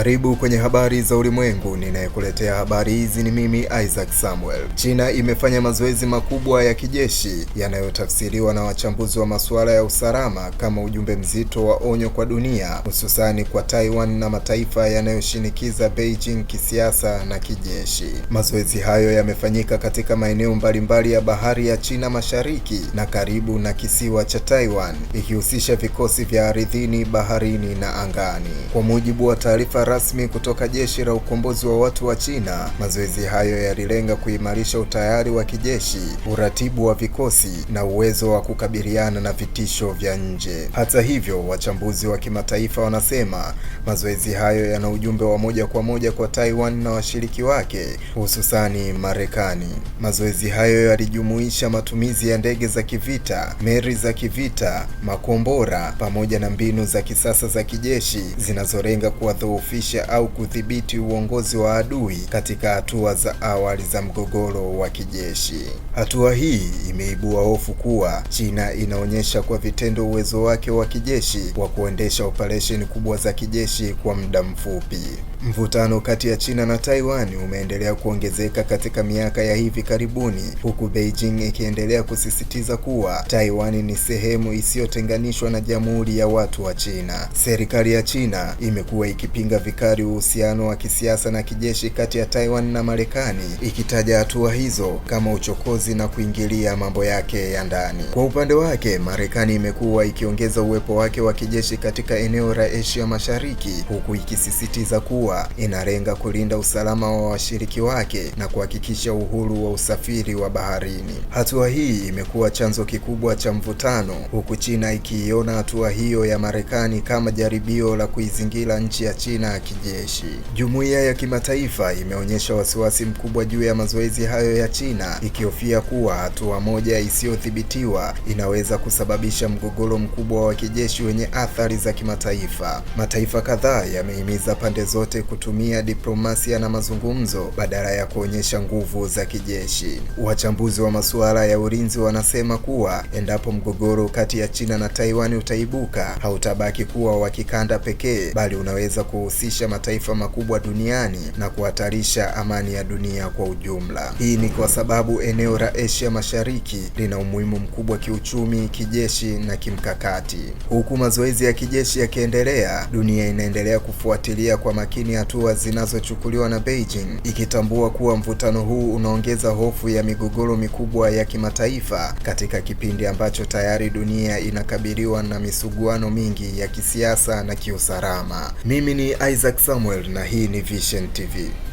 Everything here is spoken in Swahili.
Karibu kwenye habari za ulimwengu, ninayekuletea habari hizi ni mimi Isaac Samuel. China imefanya mazoezi makubwa ya kijeshi yanayotafsiriwa na wachambuzi wa masuala ya usalama kama ujumbe mzito wa onyo kwa dunia, hususani kwa Taiwan na mataifa yanayoshinikiza Beijing kisiasa na kijeshi. Mazoezi hayo yamefanyika katika maeneo mbalimbali ya bahari ya China Mashariki na karibu na kisiwa cha Taiwan, ikihusisha vikosi vya ardhini, baharini na angani. Kwa mujibu wa taarifa rasmi kutoka jeshi la ukombozi wa watu wa China. Mazoezi hayo yalilenga kuimarisha utayari wa kijeshi, uratibu wa vikosi na uwezo wa kukabiliana na vitisho vya nje. Hata hivyo, wachambuzi wa kimataifa wanasema mazoezi hayo yana ujumbe wa moja kwa moja kwa Taiwan na washiriki wake, hususani Marekani. Mazoezi hayo yalijumuisha matumizi ya ndege za kivita, meli za kivita, makombora pamoja na mbinu za kisasa za kijeshi zinazolenga kuwadhoofisha kuimarisha au kudhibiti uongozi wa adui katika hatua za awali za mgogoro wa kijeshi. Hatua hii imeibua hofu kuwa China inaonyesha kwa vitendo uwezo wake wa kijeshi wa kuendesha operesheni kubwa za kijeshi kwa muda mfupi. Mvutano kati ya China na Taiwan umeendelea kuongezeka katika miaka ya hivi karibuni, huku Beijing ikiendelea kusisitiza kuwa Taiwan ni sehemu isiyotenganishwa na Jamhuri ya Watu wa China. Serikali ya China imekuwa ikipinga vikali uhusiano wa kisiasa na kijeshi kati ya Taiwan na Marekani, ikitaja hatua hizo kama uchokozi na kuingilia mambo yake ya ndani. Kwa upande wake, Marekani imekuwa ikiongeza uwepo wake wa kijeshi katika eneo la Asia Mashariki, huku ikisisitiza kuwa kuwa inalenga kulinda usalama wa washiriki wake na kuhakikisha uhuru wa usafiri wa baharini. Hatua hii imekuwa chanzo kikubwa cha mvutano, huku China ikiiona hatua hiyo ya Marekani kama jaribio la kuizingira nchi ya China ya kijeshi. Jumuiya ya kimataifa imeonyesha wasiwasi mkubwa juu ya mazoezi hayo ya China, ikihofia kuwa hatua moja isiyothibitiwa inaweza kusababisha mgogoro mkubwa wa kijeshi wenye athari za kimataifa. Mataifa kadhaa yamehimiza pande zote wote kutumia diplomasia na mazungumzo badala ya kuonyesha nguvu za kijeshi. Wachambuzi wa masuala ya ulinzi wanasema kuwa endapo mgogoro kati ya China na Taiwan utaibuka, hautabaki kuwa wa kikanda pekee, bali unaweza kuhusisha mataifa makubwa duniani na kuhatarisha amani ya dunia kwa ujumla. Hii ni kwa sababu eneo la Asia Mashariki lina umuhimu mkubwa kiuchumi, kijeshi na kimkakati. Huku mazoezi ya kijeshi yakiendelea, dunia inaendelea kufuatilia kwa makini ni hatua zinazochukuliwa na Beijing ikitambua kuwa mvutano huu unaongeza hofu ya migogoro mikubwa ya kimataifa katika kipindi ambacho tayari dunia inakabiliwa na misuguano mingi ya kisiasa na kiusalama. Mimi ni Isaac Samuel na hii ni Vision TV.